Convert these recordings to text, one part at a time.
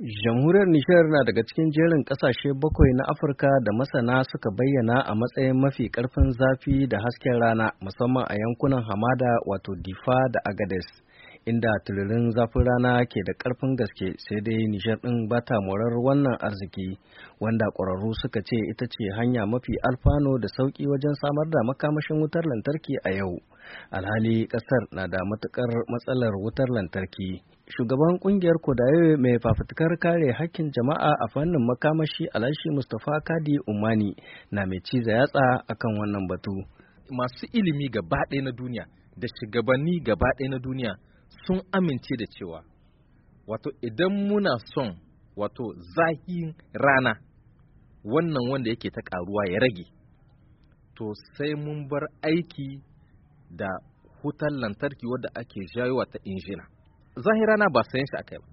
Jamhuriyar Nishar na daga cikin jerin ƙasashe bakwai na Afirka da masana suka bayyana a matsayin mafi ƙarfin zafi da hasken rana musamman a yankunan hamada wato Difa da Agades, inda tulurin zafin rana ke da ƙarfin gaske sai dai Nishar ɗin ba ta morar wannan arziki, wanda ƙwararru suka ce ita ce hanya mafi alfano da sauƙi wajen samar da makamashin wutar lantarki a yau. Alhali ƙasar na da matuƙar matsalar wutar lantarki shugaban kungiyar kodayo mai fafutukar kare hakkin jama'a a fannin makamashi alashi mustapha kadi umani na mai ciza yatsa akan wannan batu masu ilimi gaba ɗaya na duniya da shugabanni gaba ɗaya na duniya sun amince da cewa wato idan muna son wato zahin rana wannan wanda yake ta karuwa ya rage to sai mun bar aiki da hutar lantarki wadda ake jayowa ta injina zahirana ba sayan shi akai ba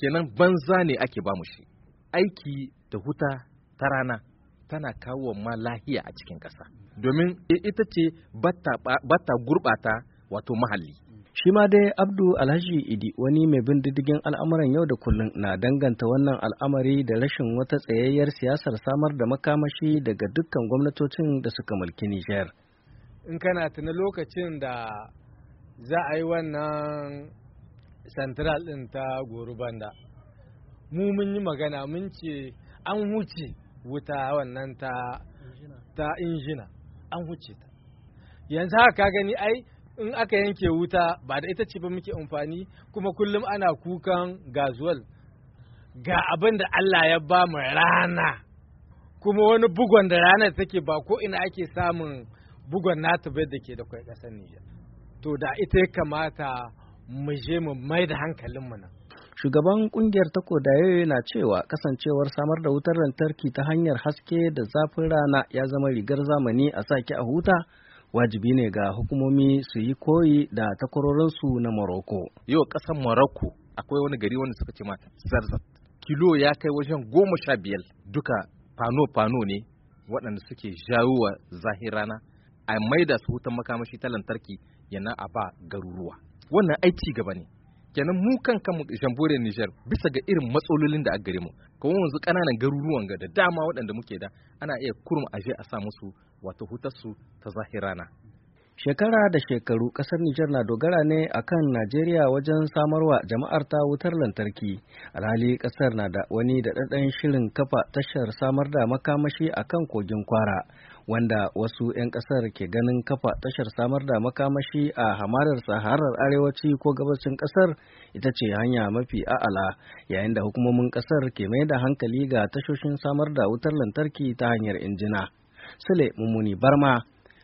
kenan banza ne ake bamu shi aiki da huta ta rana tana kawo ma lahiya a cikin ƙasa domin ita ce batta gurɓata wato mahalli shi ma dai abdu alhaji idi wani mai bin diddigin al'amuran yau da kullum na danganta wannan al'amari da rashin wata tsayayyar siyasar samar da makamashi daga dukkan gwamnatocin da suka mulki nijar in kana tuna lokacin da za a yi wannan central ɗin ta gori banda mu mun yi magana mun ce an huce wuta wannan ta ta injina an huce ta yanzu haka gani ai in aka yanke wuta ba da ita ce ba muke amfani kuma kullum ana kukan gazuwal ga abin da Allah ya ba mu rana kuma wani bugon da ranar take ba ko ina ake samun bugon nata bai da ke da kwai Nijar. To da ita ya kamata mu je mu mai da hankalin mu nan. Shugaban kungiyar takodaye na cewa kasancewar samar da wutar lantarki ta hanyar haske da zafin rana ya zama rigar zamani a sake a huta wajibi ne ga hukumomi su yi koyi da takwarorinsu na Morocco. Yau ƙasan Morocco akwai wani gari wanda suka ce ma Zarzat. Kilo ya kai wajen goma sha biyar duka fano-fano ne waɗanda suke wa zahirana a maida su wutan makamashi ta lantarki yana a ba garuruwa. wannan aiki gaba ne kenan mu kan kanmu jambore Niger bisa ga irin matsalolin da a gare mu kuma wanzu kananan garuruwan ga da dama waɗanda muke da ana iya kurum aje a sa musu wato hutarsu ta zahirana Shekara da shekaru ƙasar Nijar na dogara ne a kan Najeriya wajen samarwa jama'ar ta wutar lantarki. Alhali ƙasar na da wani daɗaɗɗen shirin kafa tashar samar da makamashi a kan kogin kwara, wanda wasu 'yan ƙasar ke ganin kafa tashar samar da makamashi a hamadar Saharar Arewaci ko gabashin ƙasar ita ce hanya mafi a'ala, yayin da hukumomin ƙasar ke mai da hankali ga tashoshin samar da wutar lantarki ta hanyar injina. Sule Mummuni Barma